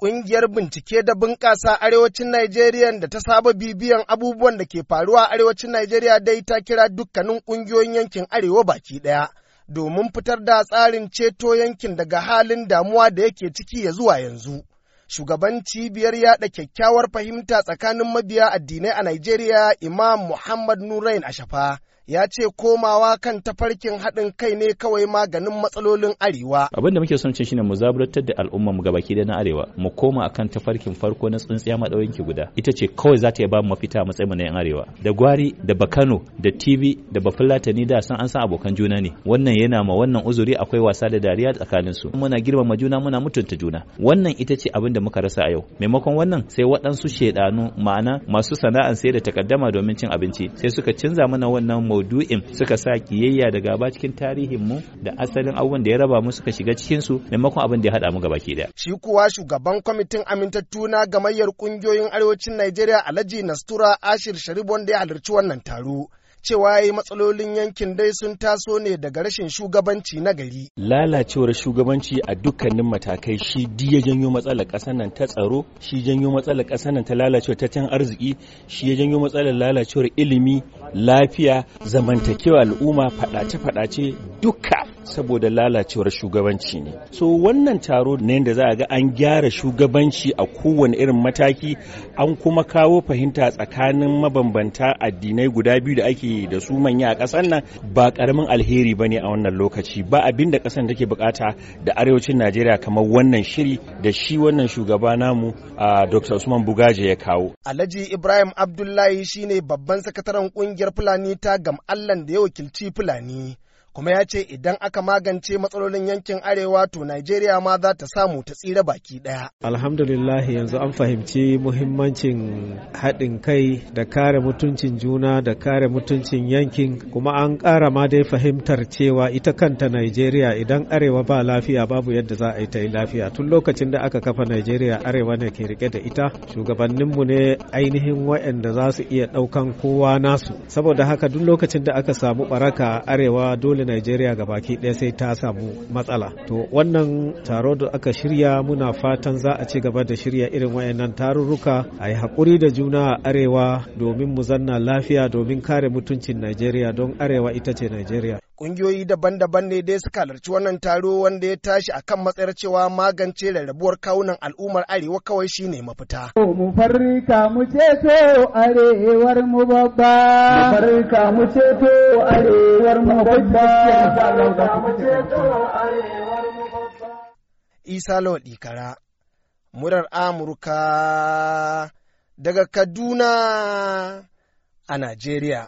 Ƙungiyar bincike da bunƙasa arewacin Najeriya da ta saba bibiyan abubuwan da ke faruwa arewacin Najeriya dai ta kira dukkanin ƙungiyoyin yankin arewa baki ɗaya. Domin fitar da tsarin ceto yankin daga halin damuwa da yake ciki ya zuwa yanzu. shugaban cibiyar yaɗa kyakkyawar fahimta tsakanin mabiya addinai a Najeriya Imam Muhammad Nurain Ashafa ya ce komawa kan tafarkin haɗin kai ne kawai maganin matsalolin arewa. Abin da muke son cin shine mu zaburantar da al'umma mu gabaki da na arewa mu koma akan tafarkin farko na tsuntsiya madaurin ki guda ita ce kawai za ta ba mu mafita a matsayin na yan arewa da gwari da bakano da tv da bafulatani da san an san abokan juna ne wannan yana ma wannan uzuri akwai wasa da dariya tsakanin su muna girmama juna muna mutunta juna wannan ita ce abin da da muka rasa a yau maimakon wannan sai waɗansu shaidanu ma'ana masu sana'an sai da takaddama domin cin abinci sai suka canza mana wannan maudu'in suka sa kiyayya da gaba cikin tarihin mu da asalin abubuwan da ya raba mu suka shiga cikin su maimakon abin da ya haɗa mu gaba ki shi kuwa shugaban kwamitin amintattu na gamayyar kungiyoyin arewacin Najeriya Alhaji Nastura Ashir Sharif wanda ya halarci wannan taro cewa yi matsalolin yankin dai sun taso ne daga rashin shugabanci na gari. Lalacewar shugabanci a dukkanin matakai shi di ya janyo matsalar ƙasar nan ta tsaro, shi janyo matsalar ƙasar nan ta lalacewar tattalin arziki, shi ya janyo matsalar lalacewar ilimi, lafiya, zamantakewa al'umma, faɗace-faɗace duka saboda lalacewar shugabanci ne so wannan taro ne da za a ga an gyara shugabanci a kowane irin mataki an kuma kawo fahimta tsakanin mabambanta addinai guda biyu da ake da su manya a ƙasar nan ba ƙaramin alheri ba ne a wannan lokaci ba abin da ƙasar take bukata da arewacin najeriya kamar wannan shiri da shi wannan shugaba namu a dr usman bugaje ya kawo alhaji ibrahim abdullahi shine babban sakataren ƙungiyar fulani ta gam allan da ya wakilci fulani kuma ya ce idan aka magance matsalolin yankin arewa to Najeriya ma za ta samu ta tsira baki daya. Alhamdulillah yanzu an fahimci muhimmancin haɗin kai da kare mutuncin juna da kare mutuncin yankin kuma an ƙara ma dai fahimtar cewa ita kanta Najeriya idan arewa ba lafiya babu yadda za a yi ta yi lafiya tun lokacin da aka kafa Najeriya arewa ne ke rike da ita shugabanninmu ne ainihin waɗanda za su iya ɗaukan kowa nasu saboda haka duk lokacin da aka samu ɓaraka arewa dole Najeriya baki ɗaya sai ta samu matsala. To wannan taro da aka shirya muna fatan za a ci gaba da shirya irin wayannan tarurruka a yi haƙuri da juna a arewa domin mu zanna lafiya domin kare mutuncin Najeriya don arewa ita ce Najeriya. Ƙungiyoyi daban-daban ne dai suka halarci wannan taro wanda ya tashi a kan matsayar cewa magance rarrabuwar kawunan al'ummar Arewa kawai shi ne mafita. Mu farka mu ceto arewar mu babba. Mu farka mu ceto arewar mu babba. Isa Lawal Kara, murar Amurka daga Kaduna a Najeriya.